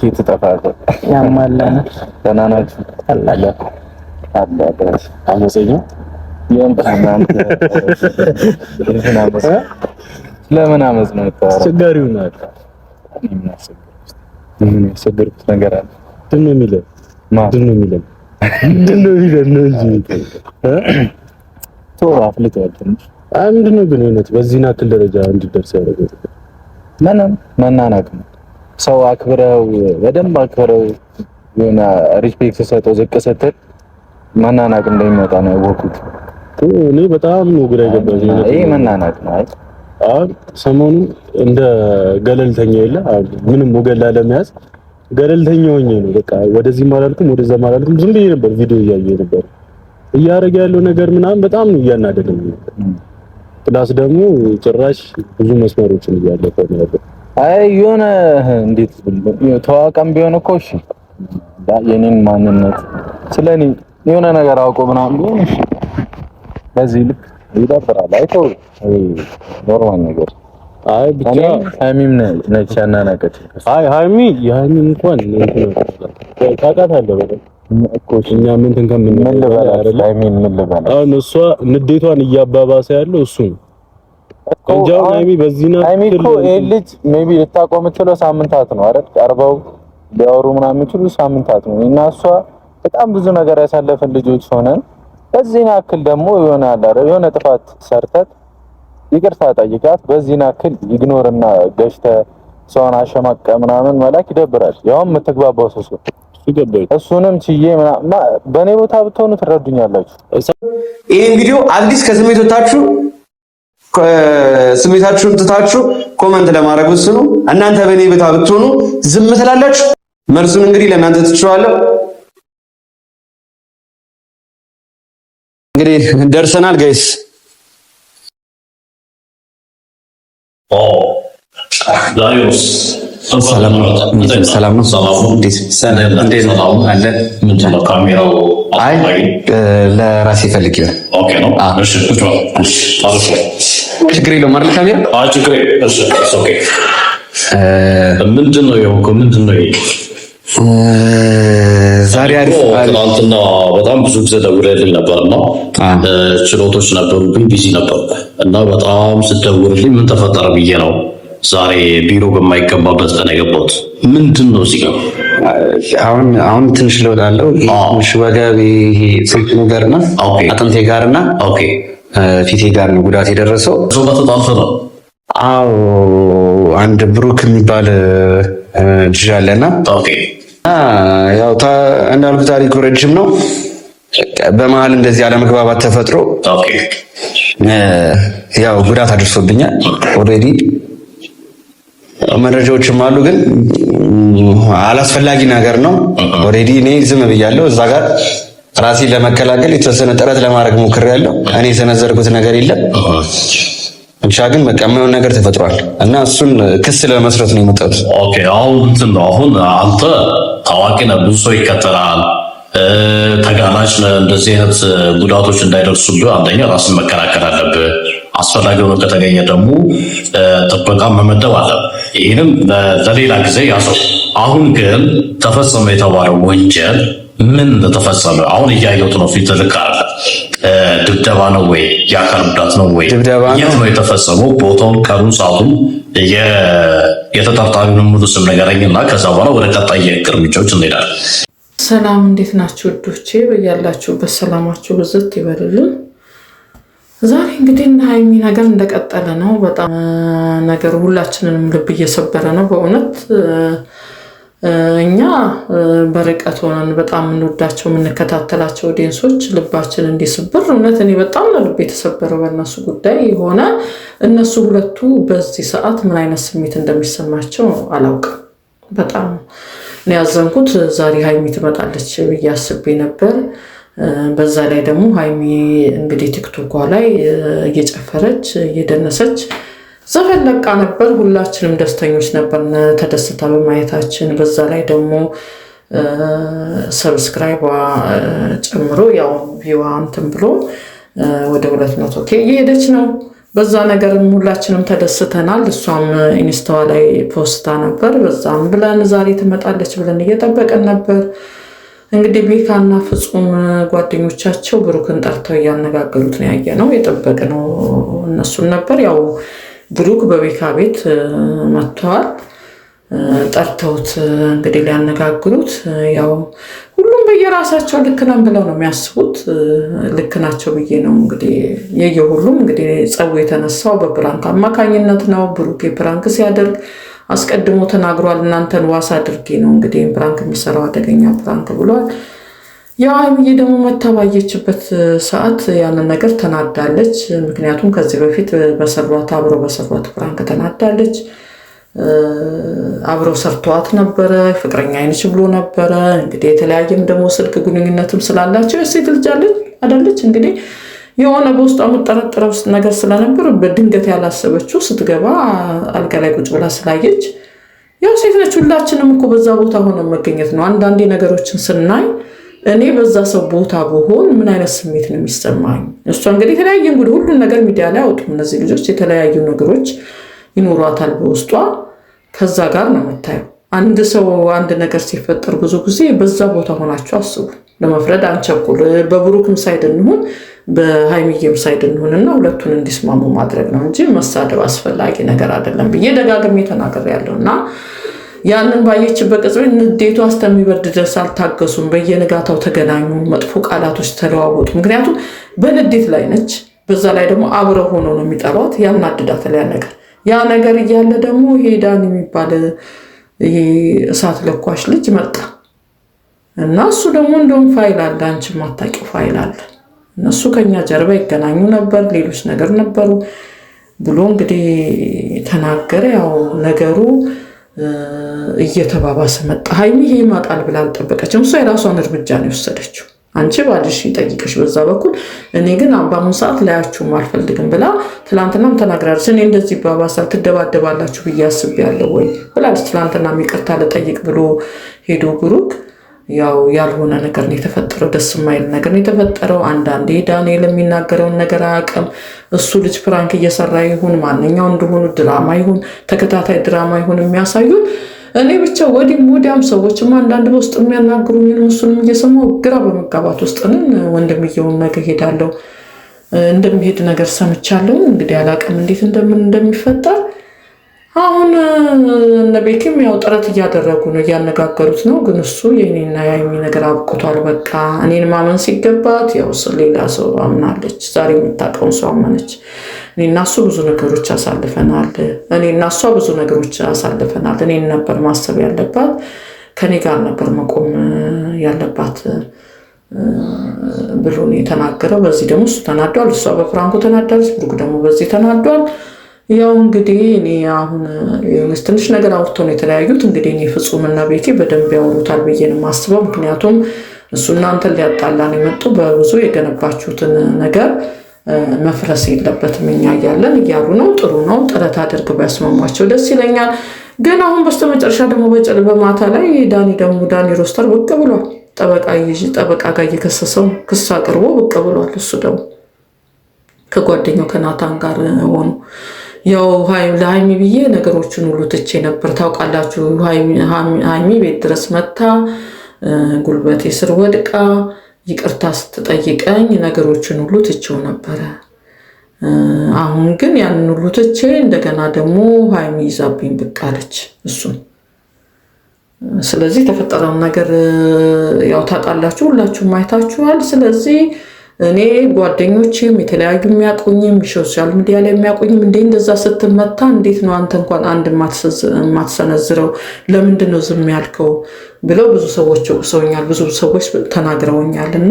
ኬት እጠፋለሁ። ያማል። ደህና ናችሁ? አለ አለ አመሰኛ ለምን አመዝ ነው አስቸጋሪው ነው። ያስቸገርኩት ነገር አለ? ድን ነው የሚለን ድን ነው የሚለን ድን ነው የሚለን ነው እንጂ ቶሎ አፍልተዋል። ትንሽ ምንድን ነው ግን እውነት በዚህን ያክል ደረጃ እንዲደርስ ያደረገው ምንም መናናቅ ነው ሰው አክብረው በደንብ አክብረው የሆነ ሪስፔክት ሰጠው ዝቅ ስትል መናናቅ እንደሚመጣ ነው ያወኩት። እኔ በጣም ነው ግራ የገባኝ። ይሄ መናናቅ ነው። አሁን ሰሞኑን እንደ ገለልተኛ የለ ምንም ወገላ ለመያዝ ገለልተኛ ሆኜ ነው በቃ ወደዚህም አላልኩም ወደዛም አላልኩም ዝም ብዬ ነበር ቪዲዮ እያየ ነበር። እያደረገ ያለው ነገር ምናምን በጣም ነው እያናደደኝ። ፕላስ ደግሞ ጭራሽ ብዙ መስመሮችን እያለፈ ነው ያለው አይ የሆነ እንዴት ተዋቀም ቢሆን እኮ እሺ፣ የኔን ማንነት ስለኔ የሆነ ነገር አውቆ ምናምን ቢሆን እሺ፣ በዚህ ልክ ይደብራል። አይቶ ኖርማል ነገር አይ ብቻ ሀይሚም ነች ያናናቀች። አይ ሀይሚ የሀይሚ እንኳን ታውቃታለህ እኮ እኛ ምን እንትን ከምን ምን ልበላት ሀይሚን ምን ልበላት። አሁን እሷ ንዴቷን እያባባሰ ያለው እሱ ነው እንጃው ሃይሚ በዚህ ነው እኮ ልጅ ሜቢ ልታቆም የምትለው ሳምንታት ነው አይደል? ቀርበው ሊያወሩ ምናምን የሚችሉ ሳምንታት ነው። እና እሷ በጣም ብዙ ነገር ያሳለፍን ልጆች ሆነን በዚህ ያክል ደግሞ የሆነ አዳረ የሆነ ጥፋት ሰርተት ይቅርታ ጠይቃት በዚህ ያክል ኢግኖርና ገሽተ ሰውን አሸማቀ ምናምን መላክ ይደብራል። ያውም የምትግባባው ሰው እሱንም ችዬ በእኔ ቦታ ብትሆኑ ትረዱኛላችሁ። ይሄ ቪዲዮ አዲስ ከስሜት ወታችሁ ስሜታችሁን ትታችሁ ኮመንት ለማድረግ ወስኑ። እናንተ በእኔ ቤታ ብትሆኑ ዝም ትላላችሁ? መልሱን እንግዲህ ለእናንተ ትችዋለሁ። እንግዲህ ደርሰናል ጋይስ። ሰላም ነው። ሰላም ነው? ሰላም ነው። እንዴት ነው? አለ ምንድን ነው ካሜራው አይ ለራሴ ፈልግ ችግር የለውም አይደል? ካሜራ ምንድን ነው ምንድን ነው ዛሬ አሪፍ ትናንትና በጣም ብዙ ጊዜ ደውለህልኝ ነበር እና ችሎቶች ነበሩብኝ፣ ቢዚ ነበር እና በጣም ስደውልልኝ ምን ተፈጠረ ብዬ ነው ዛሬ ቢሮ በማይገባበት ቀን የገባሁት። ምንድን ነው እዚህ ጋር አሁን አሁን ትንሽ ለውጥ አለው። ትንሽ ወገብ ስልክ ነገር አጥንቴ ጋር ኦኬ ፊቴ ጋር ነው ጉዳት የደረሰው። አዎ አንድ ብሩክ የሚባል ልጅ አለና ያው እንዳልኩ ታሪኩ ረጅም ነው። በመሀል እንደዚህ አለመግባባት ተፈጥሮ ያው ጉዳት አድርሶብኛል። ኦልሬዲ መረጃዎችም አሉ ግን አላስፈላጊ ነገር ነው። ኦልሬዲ እኔ ዝም ብያለሁ። እዛ ጋር ራሴን ለመከላከል የተወሰነ ጥረት ለማድረግ ሞክሬያለሁ። እኔ የሰነዘርኩት ነገር የለም። ብቻ ግን መቀመውን ነገር ተፈጥሯል እና እሱን ክስ ለመስረት ነው የመጣሁት። ኦኬ አሁን እንትን ነው አሁን አንተ ታዋቂ ነህ፣ ብዙ ሰው ይከተላል፣ ተጋላጭ ነህ። እንደዚህ አይነት ጉዳቶች እንዳይደርሱ አንደኛ ራስን መከላከል አለብህ። አስፈላጊ ሆኖ ከተገኘ ደግሞ ጥበቃ መመደብ አለ። ይህንም ለሌላ ጊዜ ያዘው። አሁን ግን ተፈጸመ የተባለው ወንጀል ምን ተፈጸመ? አሁን እያየሁት ነው። ፊት ልክ አለ። ድብደባ ነው ወይ የአካል ጉዳት ነው ወይ የት ነው የተፈጸመው? ቦታውን፣ ከሩን ሰዓቱን የተጠርጣሪውን ሙሉ ስም ነገረኝ እና ከዛ በኋላ ወደ ቀጣይ እርምጃዎች እንሄዳለን። ሰላም፣ እንዴት ናችሁ ውዶቼ? በያላችሁበት ሰላማችሁ ብዝት ይበልልን። ዛሬ እንግዲህ እነ ሀይሚ ነገር እንደቀጠለ ነው። በጣም ነገር ሁላችንንም ልብ እየሰበረ ነው በእውነት እኛ በርቀት ሆነን በጣም የምንወዳቸው የምንከታተላቸው ዴንሶች ልባችን እንዲስብር እውነት እኔ በጣም ነው ልብ የተሰበረው በእነሱ ጉዳይ የሆነ እነሱ ሁለቱ በዚህ ሰዓት ምን አይነት ስሜት እንደሚሰማቸው አላውቅም። በጣም ያዘንኩት። ዛሬ ሀይሚ ትመጣለች ብዬ አስቤ ነበር። በዛ ላይ ደግሞ ሀይሚ እንግዲህ ቲክቶኳ ላይ እየጨፈረች እየደነሰች ዘፈን ለቃ ነበር። ሁላችንም ደስተኞች ነበር ተደስታ በማየታችን። በዛ ላይ ደግሞ ሰብስክራይቧ ጨምሮ ያው ቪዋ እንትን ብሎ ወደ ሁለት መቶ ኬ እየሄደች ነው። በዛ ነገርም ሁላችንም ተደስተናል። እሷም ኢንስታዋ ላይ ፖስታ ነበር። በዛም ብለን ዛሬ ትመጣለች ብለን እየጠበቀን ነበር። እንግዲህ ቤካና ፍጹም ጓደኞቻቸው ብሩክን ጠርተው እያነጋገሩት ነው ያየ ነው የጠበቅ ነው እነሱን ነበር። ያው ብሩክ በቤካ ቤት መጥተዋል። ጠርተውት እንግዲህ ሊያነጋግሩት ያው ሁሉም በየራሳቸው ልክ ነን ብለው ነው የሚያስቡት። ልክ ናቸው ብዬ ነው እንግዲህ የየሁሉም እንግዲህ ጸቡ የተነሳው በፕራንክ አማካኝነት ነው። ብሩክ የፕራንክ ሲያደርግ አስቀድሞ ተናግሯል። እናንተን ዋስ አድርጌ ነው እንግዲህ ፕራንክ የሚሰራው አደገኛ ፕራንክ ብሏል። ያው ሀይሚዬ ደግሞ መታ ሰዓት ያንን ነገር ተናዳለች። ምክንያቱም ከዚህ በፊት በሰሯት አብረው በሰሯት ፕራንክ ተናዳለች። አብረው ሰርተዋት ነበረ፣ ፍቅረኛ አይነች ብሎ ነበረ። እንግዲህ የተለያየም ደግሞ ስልክ ግንኙነትም ስላላቸው የሴት ልጅ አለች አዳለች እንግዲህ የሆነ በውስጧ የምጠረጥረው ነገር ስለነበር በድንገት ያላሰበችው ስትገባ አልጋ ላይ ቁጭ ብላ ስላየች ያው ሴት ነች። ሁላችንም እኮ በዛ ቦታ ሆነ መገኘት ነው። አንዳንዴ ነገሮችን ስናይ እኔ በዛ ሰው ቦታ ብሆን ምን አይነት ስሜት ነው የሚሰማኝ? እሷ እንግዲህ የተለያየ እንግዲህ ሁሉን ነገር ሚዲያ ላይ አውጡም። እነዚህ ልጆች የተለያዩ ነገሮች ይኖሯታል በውስጧ። ከዛ ጋር ነው የምታየው። አንድ ሰው አንድ ነገር ሲፈጠር ብዙ ጊዜ በዛ ቦታ ሆናችሁ አስቡ። ለመፍረድ አንቸኩል። በብሩክም ምሳይድ እንሁን በሀይሚዬም ሳይድ እንሆንና ሁለቱን እንዲስማሙ ማድረግ ነው እንጂ መሳደብ አስፈላጊ ነገር አይደለም ብዬ ደጋግሜ ያለው እና ያንን ባየችበት ቅጽበት ንዴቱ እስከሚበርድ ድረስ አልታገሱም። በየንጋታው ተገናኙ፣ መጥፎ ቃላቶች ተለዋወጡ። ምክንያቱም በንዴት ላይ ነች። በዛ ላይ ደግሞ አብረ ሆኖ ነው የሚጠሯት። ያናድዳታል ያ ነገር። ያ ነገር እያለ ደግሞ ሄዳን ዳን የሚባል እሳት ለኳሽ ልጅ መጣ እና እሱ ደግሞ እንደውም ፋይል አለ፣ አንቺ ማታቂው ፋይል አለን እነሱ ከኛ ጀርባ ይገናኙ ነበር፣ ሌሎች ነገር ነበሩ ብሎ እንግዲህ ተናገረ። ያው ነገሩ እየተባባሰ መጣ። ሀይሚ ይሄ ይመጣል ብላ አልጠበቀችም። እሷ የራሷን እርምጃ ነው የወሰደችው። አንቺ ባልሽ ይጠይቅሽ በዛ በኩል እኔ ግን በአሁኑ ሰዓት ላያችሁም አልፈልግም ብላ ትላንትናም ተናግራለች። እኔ እንደዚህ ይባባሳል ትደባደባላችሁ ብዬ አስቤያለሁ ወይ ብላለች። ትላንትና ይቅርታ ልጠይቅ ብሎ ሄዶ ብሩክ ያው ያልሆነ ነገር ነው የተፈጠረው። ደስ የማይል ነገር ነው የተፈጠረው። አንዳንዴ ዳንኤል የሚናገረውን ነገር አያውቅም። እሱ ልጅ ፕራንክ እየሰራ ይሁን ማንኛው እንደሆኑ ድራማ ይሁን ተከታታይ ድራማ ይሁን የሚያሳዩን እኔ ብቻ ወዲም ወዲያም ሰዎችም አንዳንድ በውስጥ የሚያናግሩ የሚያናግሩኝን እሱንም እየሰማሁ ግራ በመጋባት ውስጥ ነን። ወንድምየውን ነገ ሄዳለው እንደሚሄድ ነገር ሰምቻለሁ። እንግዲህ አላውቅም እንዴት እንደምን እንደሚፈጠር አሁን እነ ቤኪም ያው ጥረት እያደረጉ ነው፣ እያነጋገሩት ነው። ግን እሱ የኔና የሀይሚ ነገር አብቅቷል፣ በቃ እኔን ማመን ሲገባት ያው ሌላ ሰው አምናለች። ዛሬ የምታውቀውን ሰው አመነች። እኔና እሱ ብዙ ነገሮች አሳልፈናል። እኔና እሷ ብዙ ነገሮች አሳልፈናል። እኔን ነበር ማሰብ ያለባት፣ ከኔ ጋር ነበር መቆም ያለባት ብሎ የተናገረው። በዚህ ደግሞ እሱ ተናዷል፣ እሷ በፍራንኮ ተናዳለች፣ ብሩክ ደግሞ በዚህ ተናዷል። ያው እንግዲህ እኔ አሁን የሆነች ትንሽ ነገር አውርቶ ነው የተለያዩት። እንግዲህ እኔ ፍጹምና ቤቴ በደንብ ያወሩታል ብዬ ነው የማስበው። ምክንያቱም እሱ እናንተን ሊያጣላን የመጡ በብዙ የገነባችሁትን ነገር መፍረስ የለበትም እኛ እያለን እያሉ ነው። ጥሩ ነው፣ ጥረት አድርግ ቢያስማሟቸው ደስ ይለኛል። ግን አሁን በስተመጨረሻ ደግሞ በጭር በማታ ላይ ዳኒ ደግሞ ዳኒ ሮስተር ብቅ ብሏል። ጠበቃ ጋር እየከሰሰው ክስ አቅርቦ ብቅ ብሏል። እሱ ደግሞ ከጓደኛው ከናታን ጋር ሆኑ ያው ለሀይሚ ብዬ ነገሮችን ሁሉ ትቼ ነበር። ታውቃላችሁ ሀይሚ ቤት ድረስ መታ ጉልበቴ ስር ወድቃ ይቅርታ ስትጠይቀኝ ነገሮችን ሁሉ ትቼው ነበረ። አሁን ግን ያንን ሁሉ ትቼ እንደገና ደግሞ ሀይሚ ይዛብኝ ብቅ አለች እሱም ስለዚህ የተፈጠረውን ነገር ያው ታውቃላችሁ፣ ሁላችሁም አይታችኋል። ስለዚህ እኔ ጓደኞችም የተለያዩ የሚያቆኝም ሶሻል ሚዲያ ላይ የሚያቆኝም እንዴ እንደዛ ስትመታ እንዴት ነው አንተ እንኳን አንድ የማትሰነዝረው ለምንድን ነው ዝም ያልከው ብለው ብዙ ሰዎች ወቅሰውኛል፣ ብዙ ሰዎች ተናግረውኛል። እና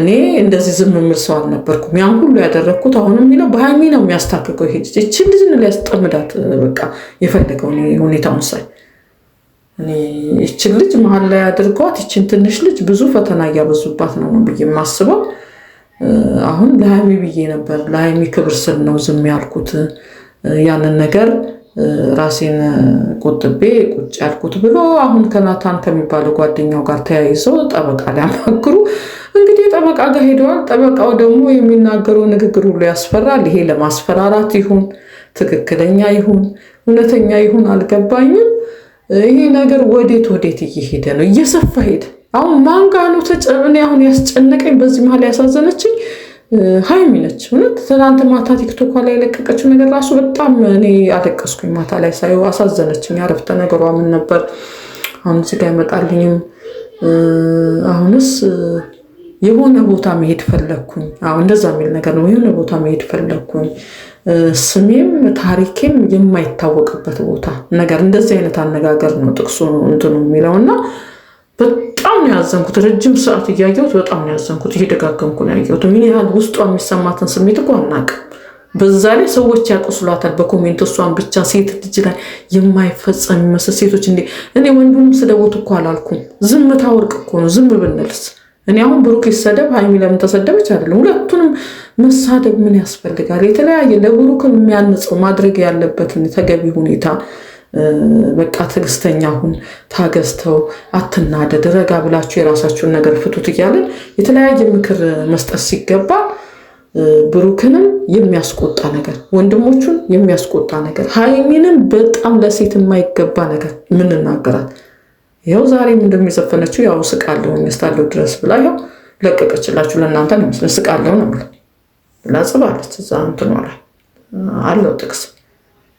እኔ እንደዚህ ዝም የምል ሰው አልነበርኩም። ያን ሁሉ ያደረግኩት አሁን የሚለው በሀይሚ ነው የሚያስታክቀው። ይሄ ይችን ልጅ ሊያስጠምዳት በቃ የፈለገው ሁኔታውን ሳይ ይችን ልጅ መሀል ላይ አድርገዋት ይችን ትንሽ ልጅ ብዙ ፈተና እያበዙባት ነው ብዬ የማስበው። አሁን ለሀይሚ ብዬ ነበር። ለሀይሚ ክብር ስል ነው ዝም ያልኩት ያንን ነገር ራሴን ቁጥቤ ቁጭ ያልኩት ብሎ አሁን ከናታን ከሚባለው ጓደኛው ጋር ተያይዘው ጠበቃ ሊያማክሩ እንግዲህ ጠበቃ ጋር ሄደዋል። ጠበቃው ደግሞ የሚናገረው ንግግር ሁሉ ያስፈራል። ይሄ ለማስፈራራት ይሁን ትክክለኛ ይሁን እውነተኛ ይሁን አልገባኝም። ይሄ ነገር ወዴት ወዴት እየሄደ ነው? እየሰፋ ሄደ። አሁን ማን ጋር ነው እኔ አሁን ያስጨነቀኝ በዚህ መሀል ያሳዘነችኝ ሀይሚ ነች። እውነት ትናንት ማታ ቲክቶኳ ላይ የለቀቀችው ነገር ራሱ በጣም እኔ አለቀስኩኝ። ማታ ላይ ሳየው አሳዘነችኝ። አረፍተ ነገሯ ምን ነበር? አሁን እዚህ ጋር አይመጣልኝም። አሁንስ የሆነ ቦታ መሄድ ፈለግኩኝ። አሁን እንደዛ የሚል ነገር ነው። የሆነ ቦታ መሄድ ፈለግኩኝ፣ ስሜም ታሪኬም የማይታወቅበት ቦታ ነገር። እንደዚህ አይነት አነጋገር ነው ጥቅሱ እንትኑ የሚለው እና በጣም ነው ያዘንኩት። ረጅም ሰዓት እያየሁት በጣም ነው ያዘንኩት። እየደጋገምኩ ነው ያየሁት። ምን ያህል ውስጧ የሚሰማትን ስሜት እኮ አናውቅም። በዛ ላይ ሰዎች ያቆስሏታል በኮሜንት እሷን ብቻ ሴት ልጅ ላይ የማይፈጸም የሚመስል ሴቶች እንዴ! እኔ ወንድም ስደቡት እኮ አላልኩም። ዝምታ ወርቅ እኮ ነው። ዝም ብንልስ እኔ አሁን ብሩክ ይሰደብ ሀይሚ ለምን ተሰደበች አይደለም። ሁለቱንም መሳደብ ምን ያስፈልጋል? የተለያየ ለብሩክ የሚያንጸው ማድረግ ያለበትን ተገቢ ሁኔታ በቃ ትዕግስተኛ ሁን፣ ታገዝተው፣ አትናደድ፣ ረጋ ብላችሁ የራሳችሁን ነገር ፍቱት እያለን የተለያየ ምክር መስጠት ሲገባ ብሩክንም የሚያስቆጣ ነገር፣ ወንድሞቹን የሚያስቆጣ ነገር፣ ሀይሚንም በጣም ለሴት የማይገባ ነገር ምንናገራት ይኸው ዛሬም እንደሚዘፈነችው ያው ስቃለሁ እስካለሁ ድረስ ብላ ያው ለቀቀችላችሁ። ለእናንተ ነው ስቃለሁ ነው ብላ ጽባለች። እዛ እንትኗ አለው ጥቅስ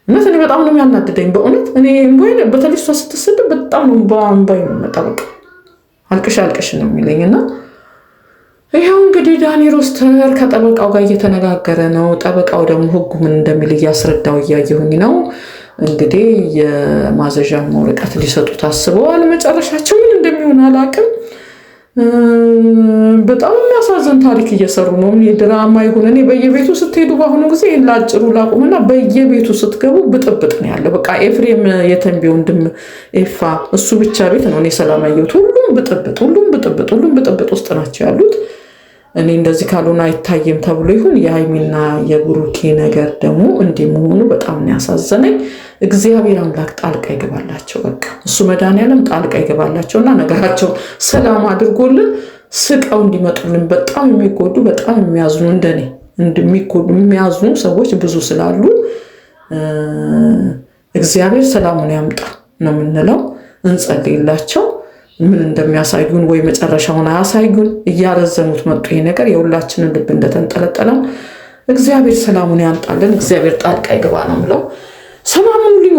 እውነት እኔ በጣም ነው የሚያናድደኝ በእውነት እኔ ወይ በተለይ እሷ ስትስድ በጣም ነው በአንባይ ነው መጠበቅ አልቅሽ አልቅሽ ነው የሚለኝ እና ይኸው እንግዲህ ዳኒ ሮስተር ከጠበቃው ጋር እየተነጋገረ ነው። ጠበቃው ደግሞ ህጉ ምን እንደሚል እያስረዳው እያየሁኝ ነው። እንግዲህ የማዘዣ ወረቀት ሊሰጡ ታስበዋል። መጨረሻቸው ምን እንደሚሆን አላውቅም። በጣም የሚያሳዝን ታሪክ እየሰሩ ነው። ድራማ ይሁን እኔ በየቤቱ ስትሄዱ በአሁኑ ጊዜ ይህን ላቁምና በየቤቱ ስትገቡ ብጥብጥ ነው ያለው። በቃ ኤፍሬም የተንቢ ወንድም ኤፋ እሱ ብቻ ቤት ነው እኔ ሰላም ያየሁት። ሁሉም ብጥብጥ፣ ሁሉም ብጥብጥ፣ ሁሉም ብጥብጥ ውስጥ ናቸው ያሉት። እኔ እንደዚህ ካልሆነ አይታይም ተብሎ ይሁን የሀይሚና የብሩኬ ነገር ደግሞ እንዲህ መሆኑ በጣም ነው ያሳዘነኝ። እግዚአብሔር አምላክ ጣልቃ ይገባላቸው። በቃ እሱ መድኃኒዓለም ጣልቃ ይገባላቸው እና ነገራቸው ሰላም አድርጎልን ስቀው እንዲመጡልን በጣም የሚጎዱ በጣም የሚያዝኑ እንደኔ የሚያዝኑ ሰዎች ብዙ ስላሉ እግዚአብሔር ሰላሙን ያምጣ ነው የምንለው። እንጸልይላቸው። ምን እንደሚያሳዩን ወይ መጨረሻውን አያሳዩን እያረዘሙት መጡ። ይሄ ነገር የሁላችንን ልብ እንደተንጠለጠለን እግዚአብሔር ሰላሙን ያምጣልን። እግዚአብሔር ጣልቃ ይግባ ነው ምለው። ሰላሙን ልኝ